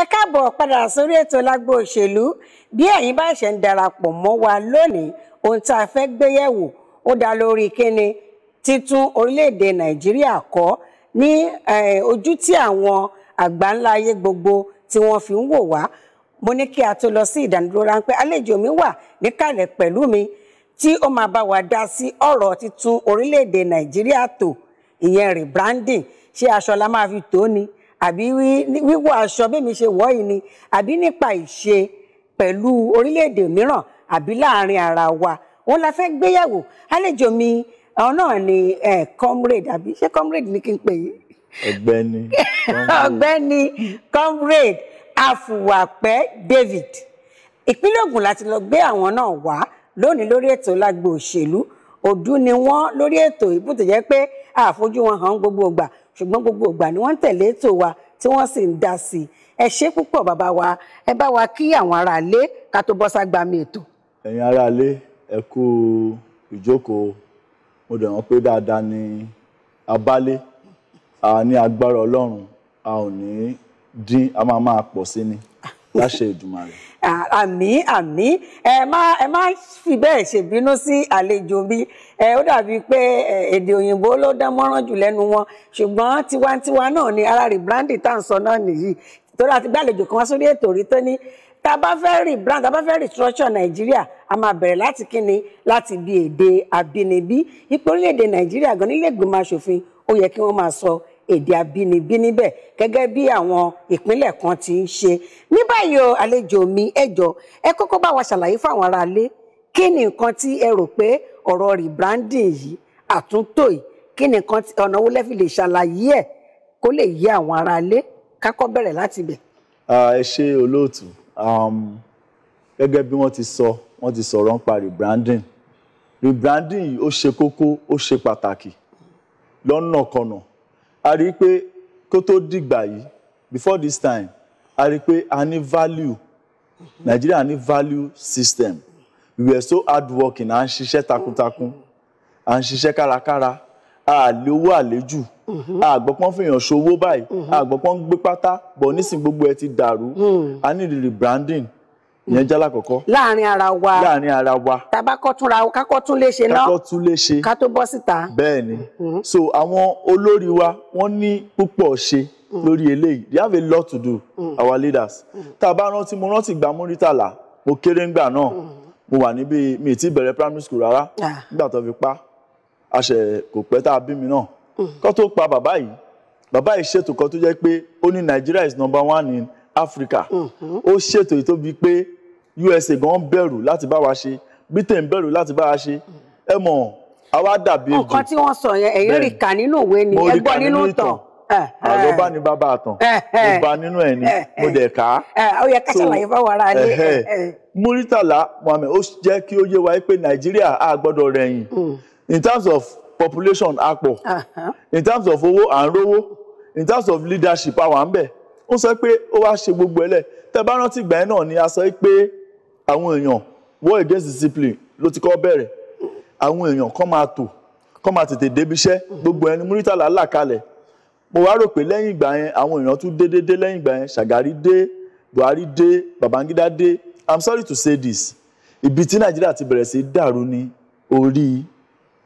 ẹ káàbọ̀ padà sórí ètò lágbo òṣèlú bí ẹ̀yin bá ṣe ń darapọ̀ mọ́ wa lónìí ohun tá a fẹ́ gbé yẹ̀wò ó dá lórí kíni títún orílẹ̀-èdè nàìjíríà kọ́ ní ojú tí àwọn àgbà ńlá ayé gbogbo tí wọ́n fi ń wò wá mo ní kí a tó lọ sí ìdánidúró ráńpẹ́ àlejò mi wà níkàlẹ̀ pẹ̀lú mi tí ó máa bá wa dá sí ọ̀rọ̀ títún orílẹ̀-èdè nàìjíríà tò ìyẹn rebranding ṣé aṣọ la máa fi tò ni àbí wíwọ̀ aṣọ bẹ́mi ṣe wọ̀ yìí ni àbí nípa ìṣe pẹ̀lú orílẹ̀-èdè mìíràn àbí láàrin ara wa wọn la fẹ́ gbéyàwó àlejò mi àwọn náà ni comrade àbí ṣé comrade ni kí n pè yín. ọ̀gbẹ́ni ọ̀gbẹ́ni comrade afuwapẹ David ìpínlẹ̀ Ògùn láti lọ gbé àwọn náà wá lónìí lórí ètò lágbo òṣèlú ọdún ni wọ́n lórí ètò ìbùtò jẹ́ pé àfojú wọn hàn gbogbo ìgbà ṣùgbọ́n gbogbo ìgbà ni wọ́n ń tẹ̀lé ètò wa tí wọ́n sì ń dá sí i ẹ ṣe púpọ̀ bàbá wa ẹ bá wa kí àwọn aráalé ká tó bọ́ ságbàmì ètò. ẹ̀yin aráalé ẹ kú ìjókòó mo dẹ̀ wọ́n pé dáadáa ni abálé a ní agbára ọlọ́run a ò ní dín a máa máa pọ̀ sí ni láṣẹ Èdùmàrè àmì àmì ẹ má ẹ má fi bẹ́ẹ̀ ṣèbínú sí àlejò bí ẹ ó dàbí pé èdè òyìnbó ló dán mọ́rán jù lẹ́nu wọn ṣùgbọ́n tiwantiwa náà ni ara rìbrándì tá à ń sọ náà nìyí torí àti gbàlejò kan wá sórí ètò orí tó ní tá a bá fẹ́ rebrand tá a bá fẹ́ restructure nàìjíríà a máa bẹ̀rẹ̀ láti kíni láti bí èdè àbínibí ipò orílẹ̀-èdè nàìjíríà gan nílẹ̀ ìgbìmọ̀ asòfin ó yẹ kí wọ́n máa sọ èdè abínibí níbẹ̀ gẹ́gẹ́ bí àwọn ìpínlẹ̀ kan ti ń ṣe ní báyìí o àlejò mi ẹ ẹ kọ́kọ́ bá wa ṣàlàyé fáwọn aráalé kí ni nǹkan tí ẹ rò pé ọ̀rọ̀ rebranding yìí àtúntò yìí kí ni nǹkan ọ̀nà wo lẹ fi lè ṣàlàyé ẹ̀ kó lè yé àwọn aráalé kákọ́ bẹ̀rẹ̀ láti bẹ̀. ẹ ṣe olóòtú gẹ́gẹ́ bí wọ́n ti sọ wọ́n ti sọ̀rọ̀ nípa rebranding rebranding yìí ó ṣe kókó ó ṣe pàtàkì lọ́nà a rí i pé kó tó dìgbà yìí before this time a rí i pé a ní value Nigeria ní value system we were so hardworking à ń ṣiṣẹ́ takuntakun à ń ṣiṣẹ́ kárakára a lè owó àlejò mhm. àgbọ̀pọ̀n fìyàn ṣòwò báyìí àgbọ̀pọ̀n mhm. gbé pátá bọ̀ nísìnyí gbogbo ẹ ti dàrú hmm. a ní rebranding ìyẹn jẹ́ lákọ̀ọ́kọ́. láàrin ara wa láàrin ara wa. tàbá kọ́túnra kákọ́ tún lè ṣe náà kákọ́ tún lè ṣe ká bọ́ síta. bẹ́ẹ̀ hmm. so àwọn olórí wa wọ́n ní púpọ̀ ṣe hmm. lórí eléyìí they have a lot to do hmm. our leaders. tàbá rántí mo rántí gbà múrítàlà mo kéré ńgbà náà mo wà níbi mi ti bẹ̀rẹ̀ primary school rárá ah. nígbà tó fi pa àṣẹ kò pẹ́ tá a bí mi náà kó tó pa bàbá yìí bàbá yìí ṣètò kan tó jẹ́ pé ó ní Nigeria is number one in Africa ó ṣètò ìtóbi pé USA gan bẹ̀rù láti bá wa ṣe Britain bẹ̀rù láti bá wa ṣe ẹ mọ̀ àwa dàbí ejò nǹkan tí wọ́n sọ yẹn ẹ̀yin rí kà nínú òwe ni ẹ gbọ́ nínú ìtàn àlọ́ bá ní bàbá àtàn mo bá nínú ẹ̀ ni mo dẹ̀ ká ó yẹ ká ṣàlàyé fáwọn ará ilé Muritala Muhammed ó jẹ́ kí ó yé wa pé Nàìjíríà á gbọ́dọ̀ rẹ̀yìn mm. in terms of population a pọ̀ in terms of owó à ń rówó in terms of leadership a wà ń bẹ̀ ó sọ pé ó wá ṣe gbogbo ẹlẹ tẹ bá rántí ìgbà yẹn náà ni a sọ pé àwọn èèyàn war against discipline ló ti kọ́ bẹ̀rẹ̀ àwọn èèyàn kọ́ máa tò kọ́ máa tètè débi iṣẹ́ gbogbo ẹni múrítàlá là kalẹ̀ mo wá rò pé lẹ́yìn ìgbà yẹn àwọn èèyàn tún dé dé dé lẹ́yìn ìgbà yẹn Ṣàgárí dé Buhari dé Babangida dé i'm sorry to say this ibi tí Nàìjíríà ti bẹ̀rẹ̀ sí dàrú ni orí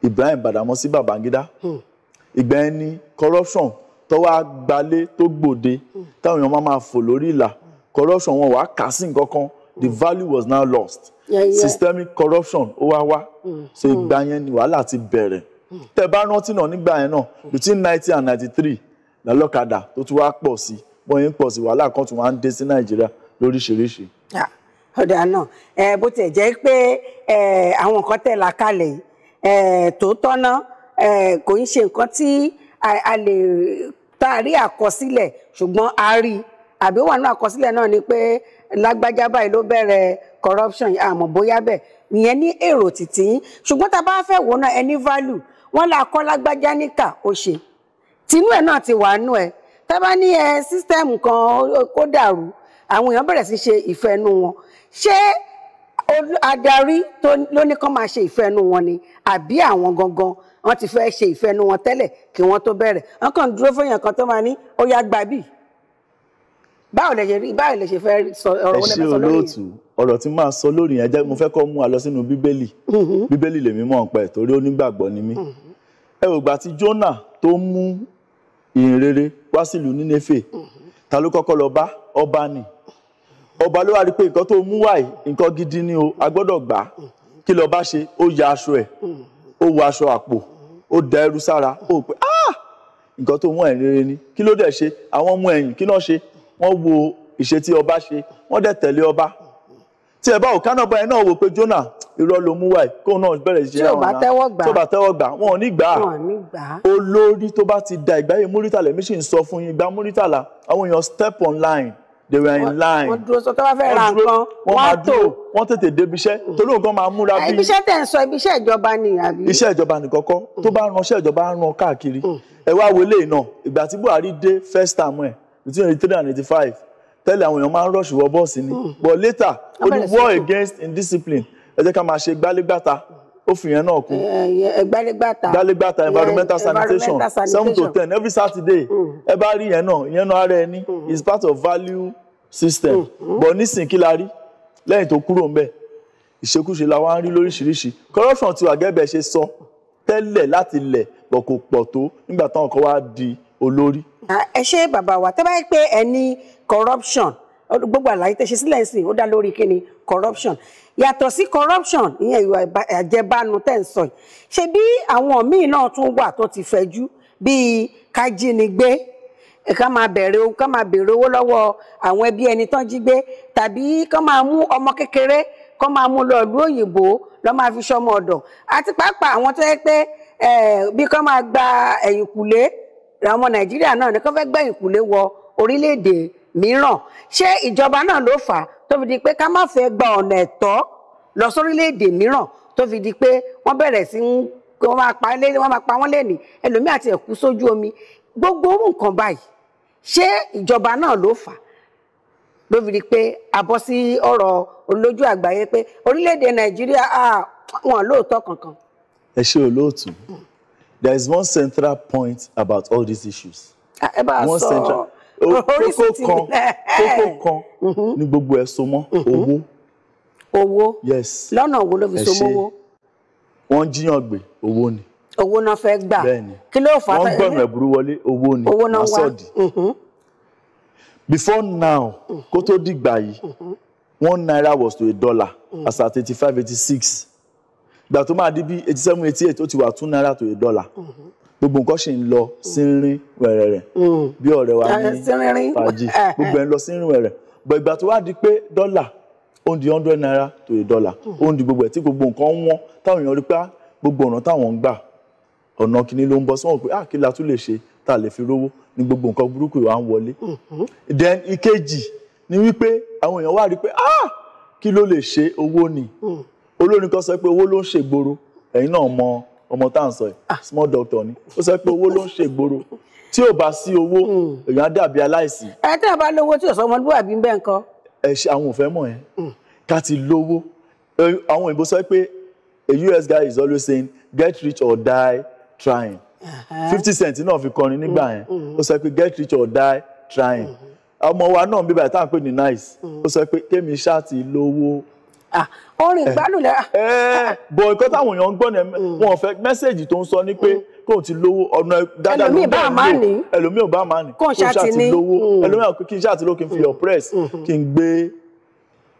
Ibrahim Badamasi Babangida hmm. ìgbà yẹn ni corruption tó wá gbalé tó gbòde hmm. táwọn èèyàn máa máa fò lórí ìlà hmm. corruption wọn wàá kà sí nǹkan kan hmm. the value was now lost systemic corruption ó wá wá so ìgbà yẹn ni wàhálà ti bẹ̀rẹ̀ tẹ bá rántí náà nígbà yẹn náà between ninety and ninety three lọ́lọ́kadà tó tún wá pọ̀ sí bọ́n yẹn pọ̀ sí wàhálà kan tún wá ń dé sí nàìjíríà lóríṣiríṣi. ọ̀dà náà bó tiẹ̀ jẹ́ pé àwọn nǹkan tẹ̀ là kalẹ̀ yìí tòótọ́ náà kò ń ṣe nǹkan tí a lè tá a rí àkọsílẹ̀ ṣùgbọ́n a rí àbí wà nínú àkọsílẹ̀ náà ni pé lágbájá báyìí ló bẹ̀rẹ̀ corruption àmọ́ bóyá bẹ́ẹ̀ ìyẹn ní èrò títí ṣùgbọ́n tá a bá fẹ́ wò náà ẹni value wọ́n là kọ́ lágbájá níkà ó ṣe tinú ẹ̀ náà ti wà nú ẹ̀ tá a bá ní ẹ system kan kó dàrú àwọn èèyàn bẹ̀rẹ̀ sí ṣe ìfẹ́ inú wọn ṣé adarí ló ní kán máa ṣe ìfẹ́ inú wọn ni àbí àwọn gangan wọ́n ti fẹ́ ṣe ìfẹ́nu wọn tẹ́lẹ̀ kí wọ́n tó bẹ̀rẹ̀ wọ́n kàn dúró fún èèyàn kan tó máa ní ó yá gbà bíi báwo lè ṣe rí báwo lè ṣe fẹ́ sọ ọ̀rọ̀ wọlé máa sọ lórí yẹn. ẹ ṣe olóòtú tí máa sọ lórí yẹn jẹ́ mo fẹ́ kọ́ mú a lọ sínú bíbélì mm-hmm. bíbélì lèmi mọ̀ ń pẹ́ torí onígbàgbọ́ ni mí. Mm-hmm. ẹ wò gbà tí Jónà tó mú ìyìn rere wá sílùú Nínéfè mm-hmm. ta ló kọ́kọ́ lọ bá ọba ni ọba ló wá rí pé nǹkan tó mú wáyé nǹkan gidi ni o a gbọ́dọ̀ gbà kí ló bá ṣe ó ya aṣọ ẹ̀ ó wọ aṣọ àpò ó da ẹrú sára ó pé ah nǹkan tó mú ẹ̀yìn rere ni kí ló dẹ̀ ṣe àwọn ọmọ ẹ̀yìn kí náà ṣe wọ́n wo ìṣe tí ọba ṣe wọ́n dẹ̀ tẹ̀lé ọba tí ẹ bá ò kánà ọba yẹn náà wò pé Jónà irọ́ ló mú wáyé kóun náà bẹ̀rẹ̀ ṣe àwọn ọ̀nà tó bá tẹ́wọ́ gbà wọn ò ní gbà á olórí tó bá ti da ìgbáyé Múrítàlá èmi sì ń sọ fún yín gba Múrítàlá àwọn èèyàn step online they were in line. wọ́n dúró sókè wọ́n fẹ́ ra nǹkan wọ́n tò. wọ́n tètè débi iṣẹ́ torí nǹkan máa múra ah, bí. ibiṣẹ́ tẹ̀ ń sọ ibiṣẹ́ ìjọba ni àbí. iṣẹ́ ìjọba nìkan kọ́ tó bá ran iṣẹ́ ìjọba ran káàkiri. Mm. ẹ wá wọlé iná ìgbà tí Buhari dé first time ẹ̀ between eighty three and eighty five tẹ́lẹ̀ àwọn èèyàn máa ń rush wọ bọ́ọ̀sì ni mm. but later ó ní war against indiscipline ẹ jẹ́ ká máa ṣe gbálégbáta ó fi yẹn náà kún. gbálégbàtà gbálégbàtà environmental sanitation seven to ten every Saturday mm. ẹ bá rí yẹn náà yẹn náà ara ẹni mm. is part of value system mm-hmm. but nísìnyí kí la rí lẹ́yìn tó kúrò ńbẹ̀ ìṣekúṣe la wá ń rí lóríṣiríṣi corruption ti wà gẹ́gẹ́ ṣe sọ tẹ́lẹ̀ láti lẹ̀ pọ̀ kò pọ̀ tó nígbà táwọn kan wá di olórí. ẹ ṣe bàbá wa tẹ́ bá yẹ pé ẹ ní corruption gbogbo àlàyé tẹ́ ṣe sílẹ̀ sí i ó dá lórí kíni corruption yàtọ̀ sí corruption ìyẹn ìwà àjẹbánu tẹ̀ ń sọ yìí ṣe bí àwọn míì náà tún wà tó ti fẹ̀jú bíi kájínigbé ká máa bẹ̀rẹ̀ owó ká máa bèrè owó lọ́wọ́ àwọn ẹbí ẹni tán jí gbé tàbí ká máa mú ọmọ kékeré ká máa mú lọ ìlú òyìnbó lọ́ máa fi ṣọmọ ọ̀dọ̀ àti pàápàá àwọn tó yẹ pé bí ká máa gba ẹ̀yìnkùlé àwọn nàìjíríà náà ni ká fẹ́ gbẹ̀yìnkùlé wọ orílẹ̀-èdè mìíràn ṣé ìjọba náà ló fà á tó fi di pé ká má fẹ́ gba ọ̀nà ẹ̀tọ́ lọ sórílẹ̀-èdè mìíràn tó fi di pé wọ́n bẹ̀rẹ̀ sí ń wọ́n máa pa wọ́n máa pa wọ́n lẹ́nìí ẹlòmíì àti ẹ̀kú sójú omi gbogbo orú nǹkan báyìí ṣé ìjọba náà ló fà ló fi di pé a bọ́ sí ọ̀rọ̀ olójú àgbáyé pé orílẹ̀-èdè nàìjíríà wọn lóòótọ́ kankan. ẹ ṣe olóòtú there is one central point about all these issues. ẹ bá a sọ kókó kan kókó kan ní gbogbo ẹ̀ so mọ́ mm-hmm. owó. owó yes lọ́nà wo ló fi so mọ́ owó. wọ́n jíyàn gbé owó ni. owó náà fẹ́ gbà kí ló fà á. wọ́n gbọ̀nà ẹ̀bùrú wọlé owó ni owó náà wá mm-hmm. before now mm-hmm. kó tó dìgbà yìí one naira was to a dollar mm. as at eighty five eighty six ìgbà tó máa di bí eighty seven eighty eight ó ti wà two naira to a dollar gbogbo nǹkan ṣì ń lọ sínrin wẹ̀rẹ̀rẹ̀ mm. bí ọ̀rẹ́ wa eh, ní fàájì eh, eh. gbogbo ẹ̀ ń lọ sínrin wẹ̀rẹ̀ but ìgbà tó wá di pé dọ́là ó di hundred naira to a dollar ó ń di gbogbo ẹ̀ tí gbogbo nǹkan ń wọ́n táwọn èèyàn rí pé ah, gbogbo ọ̀nà táwọn ń gbà ọ̀nà kìíní ló ń bọ́ sọ́wọ́n pé ah kí la tún lè ṣe tá a lè fi rówó ní gbogbo nǹkan burúkú ìwà ń wọlé mm-hmm. then ìkejì ni wípé àwọn èèyàn wá rí pé ah kí ló lè ṣe owó ni mm. olórin kan sọ pé owó ló ń ṣègboro ẹ̀yin náà mọ̀ ọmọ tá à ń sọ yìí ah. small doctor ni ó sọ pé owó ló ń ṣe gbòòrò tí ò bá sí owó hmm. èèyàn á dàbí aláìsí. ẹ tẹ́ ẹ bá lówó tí òsán ọmọdúnrún àbí bẹ́ẹ̀ nǹkan. ẹ ṣe àwọn òfẹ́ mọ̀ yẹn hmm. ká ti lówó àwọn òyìnbó sọ pé a US guy is always saying get rich or die trying fifty cent náà fi kọrin nígbà hmm, yẹn ó sọ pé get rich or die trying ọmọ wa náà bíbá ẹ̀ tá à ń pè ní nice ó sọ pé kémi ṣáà ti lówó orin eh. ìgbádùn lẹ́ra. Eh, bọ̀ nǹkan táwọn èèyàn ń gbọ́ ni hmm. wọn fẹ́ mẹ́sẹ̀gì tó ń sọ ni pé hmm. kóun ti lówó ọ̀nà dáadáa ló ń bẹ̀ ń lò ẹlòmíì ò bá máa ní kóun ṣáà ti lówó hmm. ẹlòmíì kí n ṣáà ti lówó kí n fi oppress kí n gbé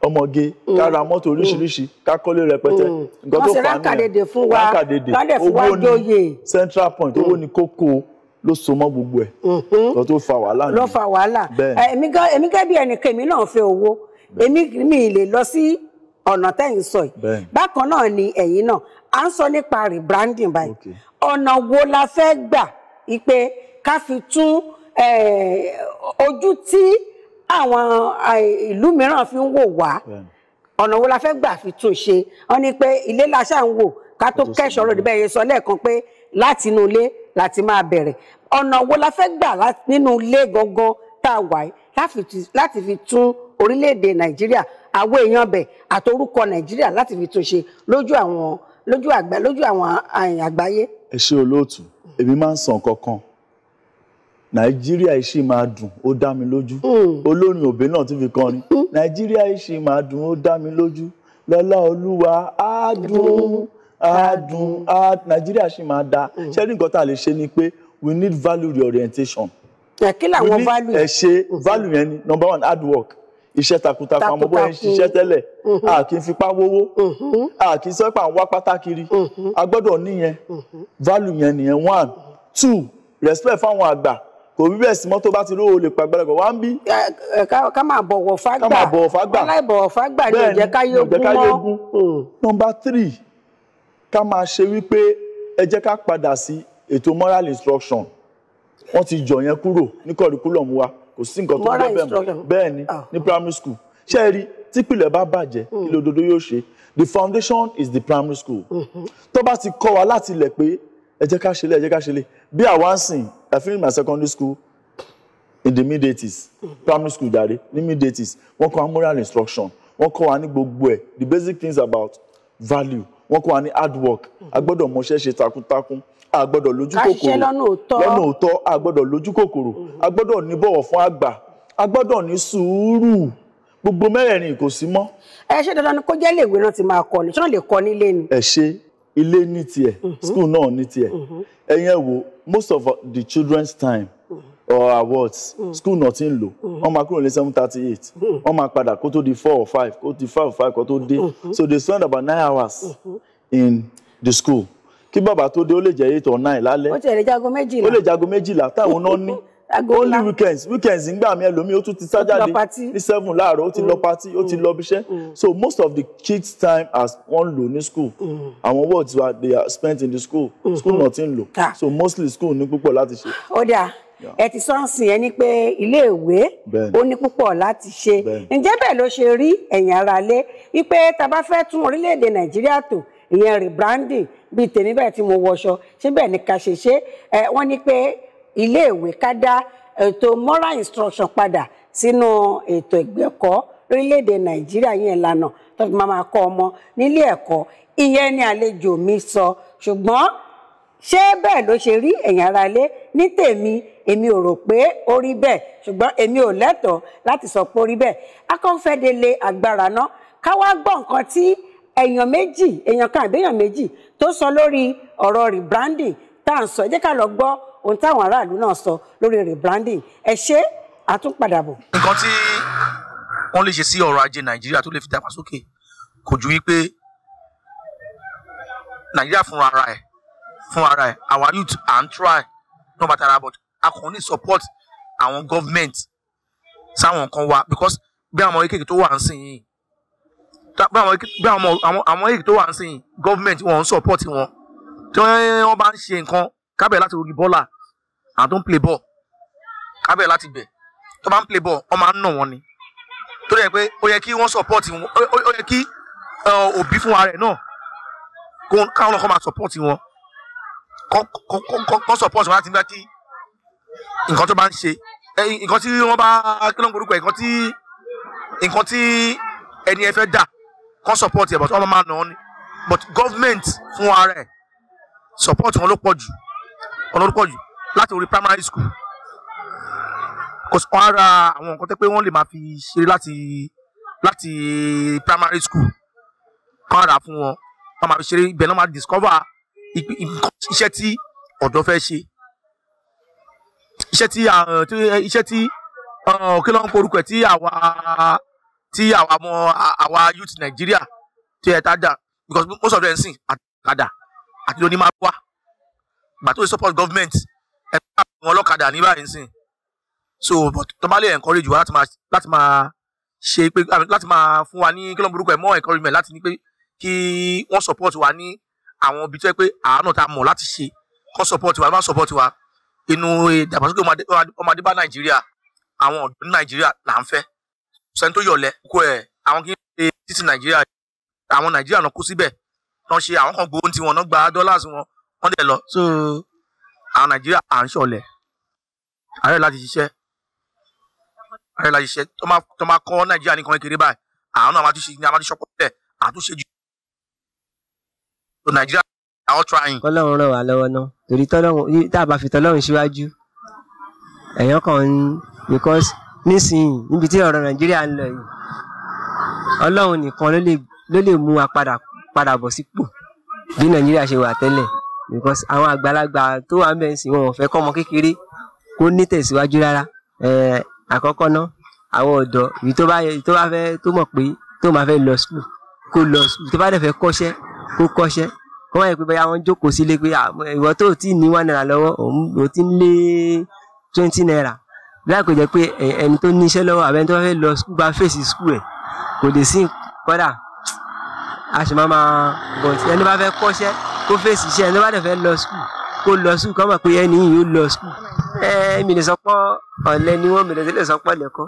ọmọge ká ra mọ́tò oríṣiríṣi ká kọ́lé rẹpẹtẹ nǹkan tó fà á nìyẹn rákàdédé owó ní central point owó ní kókó ló so mọ́ gbogbo ẹ̀ lọ tó fa wàhálà nìyẹn lọ fa wàhálà èmi gẹ́gẹ́ bí ẹnìkan èmi náà fẹ́ owó èmi mi lè lọ sí ọ̀nà tẹ́yìn sọ yìí bákan náà ni ẹ̀yin náà à ń sọ nípa rebranding báyìí ọ̀nà wo la fẹ́ gbà pé ká fi tún ojú tí àwọn ìlú mìíràn fi ń wò wá ọ̀nà wo la fẹ́ gbà fi tún ṣe wọ́n ní pé ilé làṣà ń wò ká tó kẹ́sọ̀ ròdì bẹ́ẹ̀ yẹn sọ lẹ́ẹ̀kan pé láti inú ilé láti máa bẹ̀rẹ̀ ọ̀nà wo la fẹ́ gbà nínú ilé gangan tá a wà láti fi tún orílẹ̀-èdè Nàìjíríà àwọn èèyàn bẹ̀ àtorúkọ nàìjíríà láti fi tún ṣe lójú àwọn lójú àgbà lójú àwọn àgbáyé. ẹ ṣe olóòtú èmi máa ń sàn kankan nàìjíríà ìṣì máa dùn ó dá mi lójú hmm. olórin òbí náà tún fi kọrin hmm. nàìjíríà ìṣì máa dùn ó dá mi lójú lọ́lá olúwa á dùn á dùn á nàìjíríà ṣì máa da hmm. ṣé ní nǹkan tá a lè ṣe ni pé we need value reorientation. kí làwọn value. ẹ ṣe value yẹn ni number one hard work iṣẹ́ takuntakun àwọn ọmọ ẹ̀ ń ṣiṣẹ́ tẹ́lẹ̀ mm-hmm. a kì í fipá wówó mm-hmm. a kì í sọ ń wá pátákiri mm-hmm. a gbọ́dọ̀ níyẹn value yẹn nìyẹn one two respect fáwọn àgbà kò rí bẹ́ẹ̀ sí mọ́tò bá ti rówó lè pàgbẹ́rẹ́ wá ń bí. ká máa bọ̀wọ̀ fágbà ká máa bọ̀wọ̀ fágbà wọn láì bọ̀wọ̀ fágbà ní ìjẹ́ káyé mọ́. nọ́mbà mm. three ká máa ṣe wípé ẹ jẹ́ ká padà sí ètò moral instruction wọ́n ti jọ yẹn kúrò ní curriculum wa kò sí nǹkan tó gbọ́ bẹ́ẹ̀ mọ́ bẹ́ẹ̀ ni ah. ní primary school ṣé ẹ rí típìlẹ̀ bá bàjẹ́ kí hmm. lódodo yóò ṣe the foundation is the primary school mm-hmm. tó bá ti kọ́ wa láti ilẹ̀ pé ẹ jẹ́ ká ṣe lé ẹ jẹ́ ká ṣe lé bí àwa ń sìn I finish my secondary school in the mid eighties mm-hmm. primary school jàre ní mid eighties wọ́n kọ́ wa moral instruction wọ́n kọ́ wa ní gbogbo ẹ̀ the basic things about value wọ́n kọ́ wa ní hard work a gbọ́dọ̀ mọṣẹ́ ṣe takuntakun a gbọ́dọ̀ lójú kòkòrò lọ́nà òótọ́ a gbọ́dọ̀ lójú kòkòrò mhm. a gbọ́dọ̀ ní bọ̀wọ̀ fún àgbà a gbọ́dọ̀ ní sùúrù gbogbo mẹ́rẹ̀ẹ̀rin kò sí mọ́. ẹ ṣe dandan ni kó jẹ́ iléèwé náà ti máa kọ́ ni tí wọ́n lè kọ́ nílé ni. ẹ ṣe ilé ní tiẹ̀ mhm. school náà ní tiẹ̀ mhm. ẹ̀yin ẹ̀ wo most of the children's time or awards mm. school náà ti ń lò wọ́n máa kúrò ní seven thirty eight mm. wọ́n máa padà kó tó di four or five kó di five or five kó tó dé mm-hmm. so they spend about nine hours mm-hmm. in the school kí bàbá tó dé ó lè jẹ́ eight or nine lálẹ́ ó lè jago méjìlá táwọn náà ní only weekends weekends ngbà mi ẹlòmíì ó tún ti sájáde ní seven láàárọ̀ ó ti lọ mm. party ó ti lọ bíṣẹ́ so most of the kids time as wọ́n lò ní school àwọn words wa they are spent in the school mm-hmm. school náà ti ń so mostly school ní púpọ̀ láti ṣe. ó dáa ẹ ti sọ́nsìn ẹni pé iléèwé ó ní púpọ̀ láti ṣe ǹjẹ́ bẹ́ẹ̀ ló ṣe rí ẹ̀yin aráalé wípé tá bá fẹ́ tún orílẹ̀-èdè nàìjíríà tò ìyẹn rebranding bíi tèmi bẹ́ẹ̀ tí mo wọṣọ ṣé bẹ́ẹ̀ ni ká ṣe ṣe ẹ wọ́n ní pé iléèwé ká dá ètò moral instruction padà sínú ètò ìgbẹ́kọ̀ọ́ orílẹ̀-èdè nàìjíríà yẹn lànà tó fi máa máa kọ́ ọmọ nílé ẹ̀kọ́ ìyẹn ni àlejò mi sọ ṣùgbọ́n ṣé bẹ́ẹ̀ ló ṣe rí ẹ̀yin ará ilé ní tèmi èmi ò rò pé ó rí bẹ́ẹ̀ ṣùgbọ́n èmi ò lẹ́tọ̀ọ́ láti sọ pé ó rí bẹ́ẹ̀ akọ́fẹ́dele agbára náà ká wá gbọ́ nǹkan tí èèyàn méjì èèyàn kan àbí èèyàn méjì tó sọ lórí ọ̀rọ̀ rebranding tá à ń sọ ẹ jẹ́ ká lọ gbọ́ ohun táwọn aráàlú náà sọ lórí rebranding ẹ ṣe àtúnpadà bọ̀. nǹkan tí wọ́n lè ṣe sí ọrọ̀ ajé nàìjíríà tó lè fi dàgbàsókè kò ju wípé nàìjíríà fúnra ara ẹ̀ fún ara ẹ̀ our youth and try no matter tara but a kàn ní support àwọn government sáwọn nǹkan wa because bí àwọn kékeré tó wà ń sìn yìí bí àwọn kékeré tó wà ń sìn yìí government wọn ń support wọn tí wọ́n bá ń ṣe nǹkan kábẹ̀ láti orí bọ́ọ̀là àwọn tó play ball kábẹ̀ láti bẹ̀ tó bá ń play ball wọ́n máa ń nà wọ́n ni tó yẹ pé ó yẹ kí wọ́n support wọn ó yẹ kí òbí fún ara rẹ̀ náà káwọn náà máa support wọn kọ́ support wọn láti gbá kí nǹkan to bá ń ṣe nǹkan tí wọ́n bá kí ló ń gorúkọ nǹkan tí nǹkan tí ẹni ẹ fẹ́ dà kọ́ support ẹ̀ but wọ́n máa nà ọ́ ni but government fún ara ẹ̀ support wọn ló pọ̀ jù wọn ló pọ̀ jù láti orí primary school kò sí ara àwọn nǹkan tẹ́ pé wọ́n lè máa fi ṣeré láti láti primary school kọ́ ara fún wọn wọ́n máa fi ṣeré ibẹ̀ náà máa discover iṣẹ́ tí ọ̀dọ́ fẹ́ ṣe iṣẹ́ tí iṣẹ́ tí kí ló ń porúkọ tí àwa tí àwa ọmọ àwa youth Nigeria. tí ẹ ta dà because most of them sìn àkàdà àti lóní máa wá gbà tó support government ẹ bá àwọn ọlọ́kadà ní báyìí sìn so but tó bá lè encourage wa láti máa láti máa ṣe pé láti máa fún wa ní kí ló ń burúkú ẹ mọ encouragement láti ní pé kí wọ́n support wa ní àwọn ibi tó yẹ pé àánú tá a mọ̀ láti ṣe kọ́ support wa bá support wa inú eh, ìdàgbàsókè ọmọdé bá nàìjíríà àwọn ọ̀dọ́ ní nàìjíríà là ń fẹ́ sẹ́ni tó yọ̀lẹ̀ kó ẹ̀ àwọn kí n ṣe títí nàìjíríà àwọn nàìjíríà náà kú síbẹ̀ náà ṣe àwọn kan gbóhùn tiwọn náà gba dollars wọn wọ́n dẹ̀ lọ so àwọn nàìjíríà à ń ṣọ̀lẹ̀ àárẹ̀ láti ṣiṣẹ́ àárẹ̀ láti ṣiṣẹ́ tó máa kọ́ nàìjíríà nìkan kékeré báyìí àwọn náà máa tún ṣe ní a máa tún ṣọpọ̀ tẹ̀ àtúnṣe jù so Nigeria are all trying. kọ́lọ́run ràn wá lọ́wọ́ náà torí tọ́lọ́run tá a bá fi tọ́lọ́run síwájú èèyàn kan ń because nísìnyí níbi tí ọ̀rọ̀ Nàìjíríà ń lọ yìí Ọlọ́run nìkan ló lè mú wa padà padà bọ̀ sípò bí Nàìjíríà ṣe wà tẹ́lẹ̀ because àwọn àgbàlagbà tó wà ń bẹ̀ ń sìn wọn ò fẹ́ kọ́ ọmọ kékeré kó ní tẹ̀síwájú rárá àkọ́kọ́ ná àwọn ọ̀dọ́ èyí tó bá fẹ́ tó mọ̀ pé tó máa fẹ́ lọ skul kó lọ skul tó bá dẹ̀ fẹ́ kọ́ṣẹ́ kó kọ́ṣẹ́ wọ́n wáyé pé bóyá wọ́n jókòó sílé pé ìwọ tó tí ní one naira lọ́wọ́ òun ti ń lé twenty naira láì kò jẹ́ pé ẹni tó níṣẹ́ lọ́wọ́ àbẹ́ni tó bá fẹ́ lọ skul bá fèsì skul ẹ̀ kò lè sí kọ́dà a sì máa máa bọ̀ sí ẹni bá fẹ́ kọ́ṣẹ́ kó fèsì iṣẹ́ ẹni tó bá dẹ̀ fẹ́ lọ skul kó lọ skul kọ́ mọ̀ pé ẹni yìí yóò lọ skul ẹ mi lè ọ̀lẹ́ ni wọ́n mi lè sọ lẹ́kọ́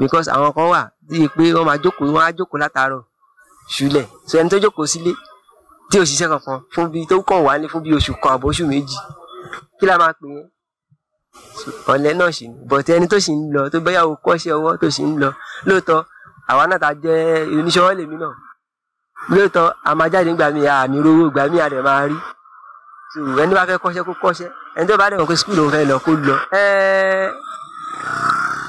because àwọn kan wà bíi pé wọ́n máa jókòó wọ́n á jókòó látàárọ̀ ṣúlẹ̀ so ẹni tó jókòó sílé tí ò ṣiṣẹ́ kankan fún bíi tó kàn wálé fún bíi oṣù kan àbọ̀ oṣù méjì kí la máa pè é ọ̀lẹ náà ṣì ní bọ̀tí ẹni tó ṣì ń lọ tó bẹ́yà ò kọ́ṣẹ́ ọwọ́ tó ṣì ń lọ lóòótọ́ àwa náà ta jẹ́ oníṣòwò lèmi náà lóòótọ́ a máa jáde nígbà míì àmì rówó gbà míì àdè máa rí ẹni bá fẹ́ kọ́ṣẹ́ kó kọ́ṣẹ́ ẹni tó bá dẹ̀ mọ̀ pé skul òun fẹ́ lọ kó lọ.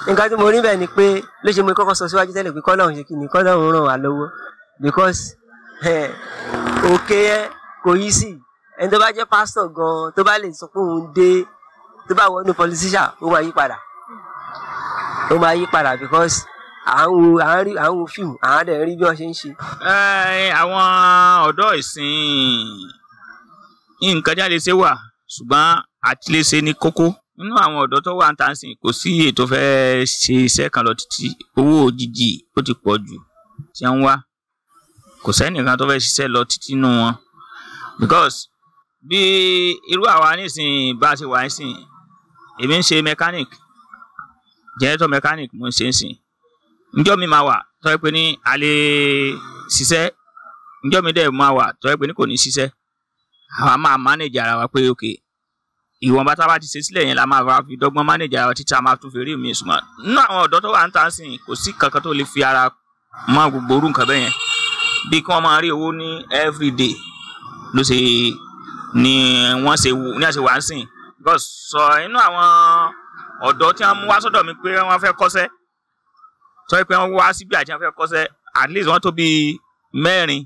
nǹkan tí mo rí bẹ́ẹ̀ ni pé lóṣèlú mo kọ́kọ́ sọ síwájú tẹ́lẹ̀ pé kọ́lọ́hún ṣe kí ni kọ́lọ́hún ràn wá lọ́wọ́ because òkè ẹ kò yí sí ẹni tó bá jẹ́ pásítọ̀ gan-an tó bá lè sọ pé òun dé tó bá wọnú politician ó máa yí padà ó máa yí padà because à ń wo à ń rí à ń wo fíìmù à ń dẹ̀ rí bí wọ́n ṣe ń ṣe. àwọn ọ̀dọ́ ìsìn nǹkan jáde ṣe wà ṣùgbọ́n àtiléṣe ní kókó nínú àwọn ọ̀dọ́ tó wà ń tà ń sìn kò sí ètò fẹ́ẹ́ ṣe iṣẹ́ kan lọ títí owó òjijì ó ti pọ̀ jù tí wọ́n wá kò sẹ́nìkan tó fẹ́ ṣiṣẹ́ lọ títí nù wọn because bí irú àwa nísìnyí bá a ṣe wà nísìnyí èmi ń ṣe mechanic generator mechanic mo ń ṣe nísìnyí njọ́ mi máa wà tó yẹ pé ní a ṣiṣẹ́ njọ́ mi dẹ̀ máa wà tó yẹ pé ní kò ní ṣiṣẹ́ àwa máa manage ara wa pé ok ìwọ̀nba tá a bá ti ṣe sílẹ̀ yẹn la máa fa fi dọ́gbọ́n manage ara wa títí a máa tún fi rí mi sùn mọ́ nínú àwọn ọ̀dọ́ tó wà ń tà sí kò sí kankan tó lè fi ara mọ́ gbogbo orú nǹkan bẹ́ẹ̀ yẹn bí kí wọ́n máa rí owó ní everyday ló ṣe ni wọ́n ṣe wò ní àṣewà ń sìn because sọ inú àwọn ọ̀dọ́ tí wọ́n mú wá sọ́dọ̀ mi pé wọ́n fẹ́ kọ́ṣẹ́ sọ pé wọ́n wá síbí àti wọ́n fẹ́ kọ́ṣẹ́ at least wọ́n tó bí mẹ́rin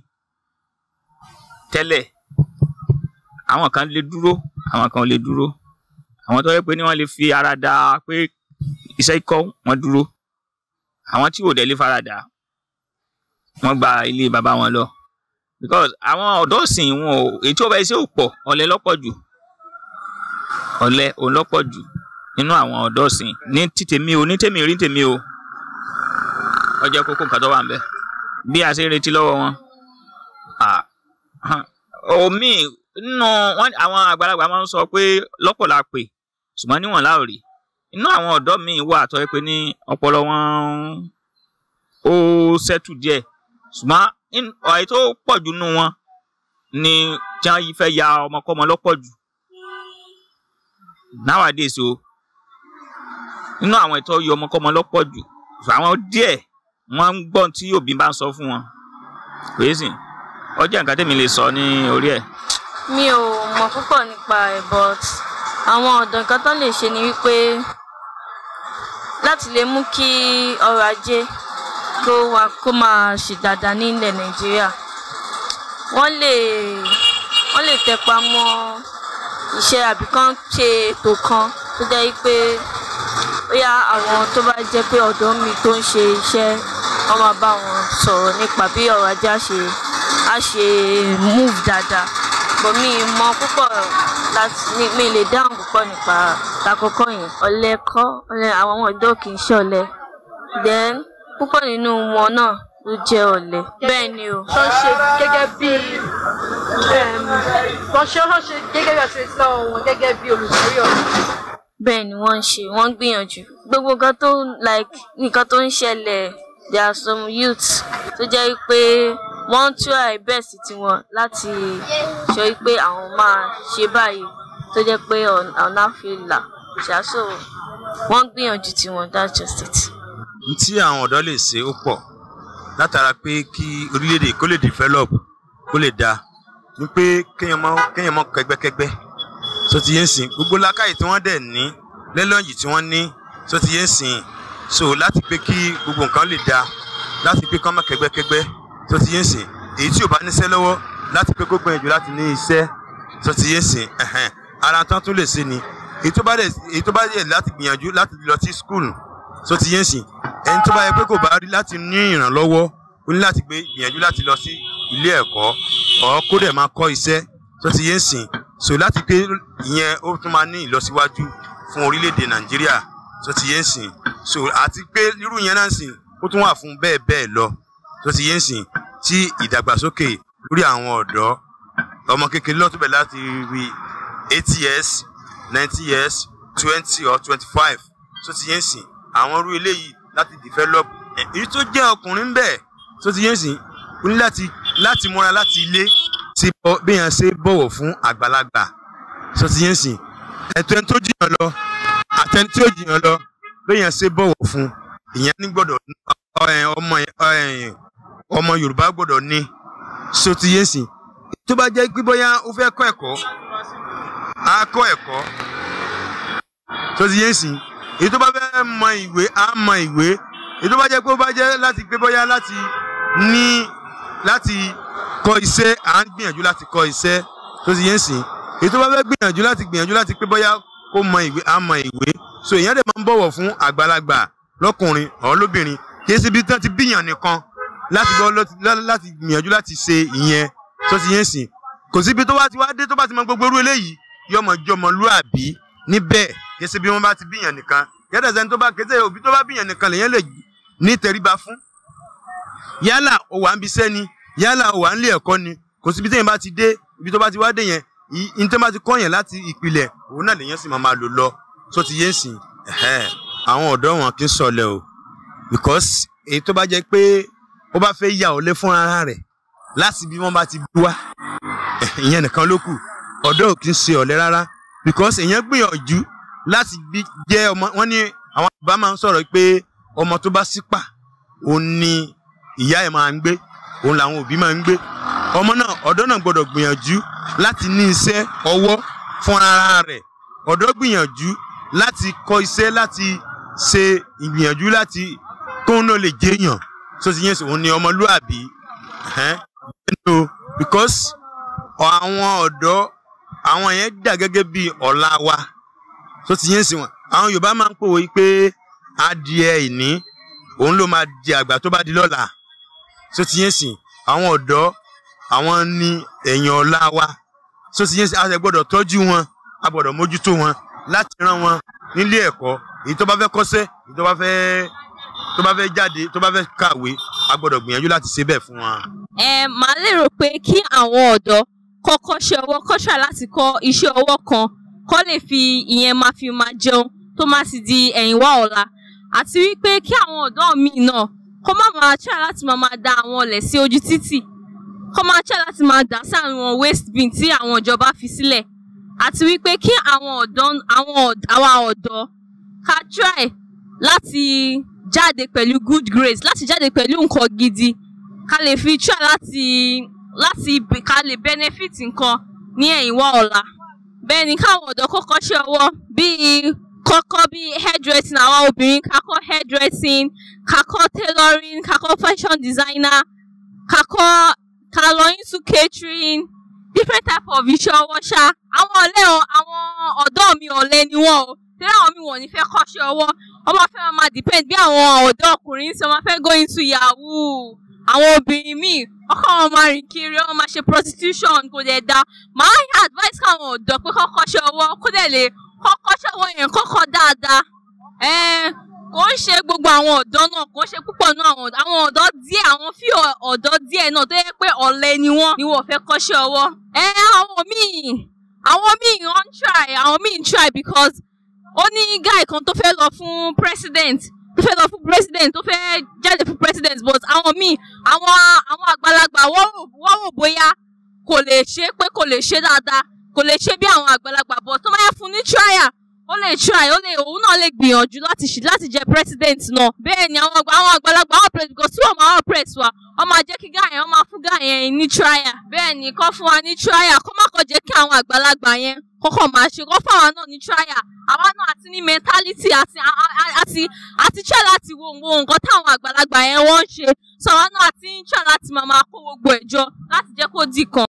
tẹ́lẹ̀ àwọn kan lè dúró àwọn kan lè dúró àwọn tó yẹ pé ní wọ́n lè fi ara da pé iṣẹ́ ikọ́ wọn dúró àwọn tí ò dẹ̀ lè fara da wọ́n gba ilé bàbá wọn lọ because àwọn ọ̀dọ́ sìn wọn ò ètò ọba ẹsẹ̀ ò pọ̀ ọ̀lẹ lọ́pọ̀ jù ọ̀lẹ òun lọ́pọ̀ jù nínú àwọn ọ̀dọ́ sìn ní títèmi o ní tèmi rí tèmi o ọjọ́ kókó nǹkan tó wà ń bẹ bí a ṣe ń retí lọ́wọ́ wọn omi nínú àwọn àgbàlagbà máa ń sọ pé lọ́pọ̀ la pè ṣùgbọ́n níwọ̀n la ò rí inú àwọn ọ̀dọ́ míì wà tó yẹ pé ní ọpọlọ wọn ó ṣẹ́tù díẹ̀ ṣùgbọ́n ọ̀rẹ́ tó pọ̀ jù nù wọn ni tí wọ́n fẹ́ ya ọmọkọ́mọ lọ́pọ̀ jù nowadays o nínú àwọn ẹ̀tọ́ yọ ọmọkọ́mọ lọ́pọ̀ jù àwọn díẹ̀ wọ́n ń gbọ́ tí òbí bá ń sọ fún wọn kòye sìn ọjọ́ nǹkan tèmi lè sọ ní orí ẹ̀. mi ò mọ̀ púpọ̀ nípa ẹ̀ but àwọn ọ̀dọ́ nǹkan tán lè ṣe ni wípé láti lè mú kí ọrọ̀ ajé tó wa kó máa ṣe dáadáa ní ilẹ̀ nàìjíríà wọ́n lè wọ́n lè tẹpa mọ́ iṣẹ́ àbí kán ṣe ètò kan tó jẹ́ pé bóyá àwọn tó bá jẹ́ pé ọ̀dọ́ mi tó ń ṣe iṣẹ́ wọ́n máa bá wọn sọ̀rọ̀ nípa bí ọ̀rọ̀ ajé á ṣe á ṣe move dáadáa bọ̀ mi mọ̀ púpọ̀ láti mi lè dáhùn púpọ̀ nípa takọ́kọ́ yẹn ọ̀lẹ kọ́ àwọn ọ̀dọ́ kì í ṣe ọ̀lẹ then púpọ̀ nínú wọn náà ló jẹ́ ọ̀lẹ. bẹ́ẹ̀ ni o. tó ṣe gẹ́gẹ́ bí wọ́n ṣe wọ́n ṣe gẹ́gẹ́ bí ọ̀ṣun ìṣúná wọn gẹ́gẹ́ bí olùdarí ọ̀rọ̀. bẹ́ẹ̀ ni wọ́n ń ṣe wọ́n gbìyànjú gbogbo nǹkan tó like nǹkan tó ń ṣẹlẹ̀ there are some youths tó jẹ́ pé wọ́n ń try best tiwọn láti sọ pé àwọn máa ṣe báyìí tó jẹ́ pé ọ̀nà àfi là ṣàṣọ wọ́n ń gbìyànjú tiwọn that's just it n tí àwọn ọ̀dọ́ lè ṣe ó pọ̀ látara pé kí orílẹ̀-èdè kó lè develop kó lè da ni pé kéèyàn mọ kéèyàn mọ kẹgbẹ́kẹgbẹ́ so ti yé ń sìn gbogbo làákàyè tí wọ́n dẹ̀ ní lẹ́lọ́yìn tí wọ́n ní so ti yé ń sìn so láti pé kí gbogbo nǹkan lè da láti pé kán mọ kẹgbẹ́kẹgbẹ́ so ti yé ń sìn èyí tí ò bá níṣẹ́ lọ́wọ́ láti pé kó gbìyànjú láti ní iṣẹ́ so ti yé ń sìn ara tán tún lè ṣe ni èyí tó bá dẹ̀ láti gbìyànjú láti lọ sí school so ti yẹn sìn ẹni tó bá yẹ pé kò bá rí láti ní ìrànlọ́wọ́ ó ní láti gbé ìyànjú láti lọ sí ilé ẹ̀kọ́ ọ̀ kó dẹ̀ máa kọ́ iṣẹ́ so ti yẹn sìn so láti pé ìyẹn ó tún máa ní ìlọsíwájú fún orílẹ̀-èdè nàìjíríà so ti yẹn sìn so àti pé irú yẹn náà sìn ó tún wà fún bẹ́ẹ̀ bẹ́ẹ̀ lọ so ti yẹn sìn tí ìdàgbàsókè lórí àwọn ọ̀dọ́ ọmọ kékeré lọ́tún bẹ̀ láti rí eighty years ninety years twenty or twenty-five so ti yẹn sìn àwọn irú eléyìí láti develop èyí tó jẹ́ ọkùnrin ń bẹ̀ tó ti yé sìn ó ní láti láti múra láti ilé ti bọ béèyàn ṣe bọ̀wọ̀ fún àgbàlagbà tó ti yé sìn ẹ̀tọ́ ẹni tó jìyàn lọ àtẹni tó jìyàn lọ béèyàn ṣe bọ̀wọ̀ fún ìyẹn ní gbọ́dọ̀ ọmọ ọmọ Yorùbá gbọ́dọ̀ ní so ti yé sìn tó bá jẹ́ pé bóyá ó fẹ́ kọ́ ẹ̀kọ́ á kọ́ ẹ̀kọ́ tó ti yé sìn èyí tó bá fẹ́ mọ ìwé á mọ ìwé èyí tó bá jẹ́ pé ó bá jẹ́ láti gbé bóyá láti ní láti kọ́ iṣẹ́ à ń gbìyànjú láti kọ́ iṣẹ́ tó ti yé ń sìn èyí tó bá fẹ́ gbìyànjú láti gbìyànjú láti pé bóyá kó mọ ìwé á mọ ìwé so èèyàn dẹ̀ máa ń bọ̀wọ̀ fún àgbàlagbà lọ́kùnrin ọ̀ lóbìnrin kì í síbi tán ti bíyàn nìkan láti bọ́ láti gbìyànjú láti ṣe ìyẹn tó ti yé ń sìn kò síbi tó bá ti wá dé tó bá ti mọ gbogbo irú eléyìí yọmọ jọmọ lúàbí níbẹ̀ kì í síbi wọn bá ti bíyàn nìkan gẹ́gẹ́ sẹ́ni tó bá kété òbí tó bá bìyàn nìkan lèyàn lè ní tẹríba fún yálà ó wà ń bisẹ́ ni yálà ó wà ń lé ẹ̀kọ́ ni kò síbi téèyàn bá ti dé ibi tó bá ti wá dé yẹn ní tó bá ti kọ́ yẹn láti ìpìlẹ̀ òun náà lèyàn sì máa máa lò lọ tó ti yé sìn àwọn ọ̀dọ́ wọn kì í sọlẹ̀ o because èyí tó bá jẹ́ pé ó bá fẹ́ ya ọ̀lẹ́ fún ara rẹ̀ láti bí wọ́n bá ti bí wá ìyẹn nìkan ló kù ọ̀dọ́ ò kì í ṣe ọ̀lẹ́ rárá because èèyàn gbìyànjú láti jẹ́ ọmọ wọn ní àwọn bàbá máa ń sọ̀rọ̀ pé ọmọ tó bá sípà òun ni ìyá ẹ̀ máa ń gbé òun làwọn òbí máa ń gbé ọmọ náà ọ̀dọ́ náà gbọ́dọ̀ gbìyànjú láti ní iṣẹ́ ọwọ́ fún ara rẹ̀ ọ̀dọ́ gbìyànjú láti kọ́ iṣẹ́ láti ṣe ìgbìyànjú láti tóun náà lè jẹ́yàn tó ti yẹn sọ òun ni ọmọlúàbí no because àwọn ọ̀dọ́ àwọn yẹn dà gẹ́gẹ́ bí ọ̀la wa tó ti yé sí wọn àwọn yorùbá máa ń pòwe pé adìẹ ìní òun ló máa di àgbà tó bá di lọ́la tó ti yé sí àwọn ọ̀dọ́ àwọn ni èèyàn ọ̀la wa tó ti yé sí a ṣe gbọ́dọ̀ tọ́jú wọn a gbọ́dọ̀ mójútó wọn láti rán wọn nílé ẹ̀kọ́ èyí tó bá fẹ́ kọ́ṣẹ́ èyí tó bá fẹ́ tó bá fẹ́ jáde tó bá fẹ́ kàwé a gbọ́dọ̀ gbìyànjú láti ṣe bẹ́ẹ̀ fún wọn. ẹ màá lérò pé kí àwọn ọ̀dọ́ kọ́kọ́ ṣe ọwọ́ kọ́ṣà láti kọ́ iṣẹ́ ọwọ́ kan kọ́ lè fi ìyẹn máa fi máa jẹun tó má sì di ẹ̀yìn wá ọ̀la àti wípé kí àwọn ọ̀dọ́ míì náà kọ́ má máa ṣá láti máa máa da àwọn ọ̀lẹ̀ sí ojú títì kọ́ máa ṣá láti máa dà sáwọn waste bin tí àwọn ìjọba fi sílẹ̀ àti wípé kí àwọn ọ̀dọ́ àwọn àwa ọ̀dọ́ ká try láti jáde pẹ̀lú good grace, láti jáde pẹ̀lú nǹkan gidi ká lè fi try láti láti ká lè benefit nǹkan ní ẹ̀yìnwá ọ̀la bẹ́ẹ̀ ni káwọn ọ̀dọ́ kọ́kọ́ ṣe ọwọ́ bíi kọ́kọ́ bíi hairdressing àwọn obìnrin kakọ́ hairdressing kakọ́ tailoring kakọ́ fashion designer kakọ́ kalọ into catering different type of iṣẹ́ ọwọ́ ṣá àwọn ọ̀lẹ́ o àwọn ọ̀dọ́ mi ọ̀lẹ́ ni wọ́n o torí àwọn mi wọ̀n ní fẹ́ kọ́ṣẹ́ ọwọ́ ọmọ fẹ́ máa depend bí àwọn ọ̀dọ́ ọkùnrin ṣe máa fẹ́ go into yahoo àwọn obìnrin míì ọkọ wọn máa rìn kiri wọn máa ṣe prostitution kò dẹ̀ da máa ń advice káwọn ọ̀dọ́ pé kọ́kọ́ ṣe ọwọ́ kó dẹ̀ lè kọ́kọ́ ṣe ọwọ́ yẹn kọ́kọ́ dáadáa kò ń ṣe gbogbo àwọn ọ̀dọ́ náà kò ń ṣe púpọ̀ náà àwọn ọ̀dọ́ díẹ̀ àwọn fí ọ̀dọ́ díẹ̀ náà tó yẹ pé ọ̀lẹ ni wọ́n ni wọ́n fẹ́ kọ́ṣẹ́ ọwọ́ àwọn míì àwọn míì wọ́n ń try àwọn míì ń try because ó ní guy kan tó fẹ́ lọ fún president fẹ́ lọ fún president tó fẹ́ jáde fún president but àwọn míì àwọn àwọn àgbàlagbà wọ́n rò bóyá kò lè ṣe pé kò lè ṣe dáadáa kò lè ṣe bí àwọn àgbàlagbà but tó máa fún ní trial ó lè try ó lè òun náà lè gbìyànjú láti ṣì láti jẹ president náà bẹ́ẹ̀ ni àwọn àwọn àgbàlagbà àwọn press because tí wọ́n máa wọ́n press wa wọ́n máa jẹ́ kí gáà yẹn wọ́n máa fún gáà yẹn ní trial bẹ́ẹ̀ ni kọ́ fún wa ní trial kó má kọ́ jẹ́ kí àwọn àgbàlagbà yẹn kọ́kọ́ máa ṣe kọ́ fún àwọn náà ní trial àwa náà àti ní mentality àti àti àti try láti wo wo nǹkan táwọn àgbàlagbà yẹn wọ́n ń ṣe so àwa náà àti ń try láti máa máa kó gbogbo ẹ̀jọ láti jẹ́ kó dì kan.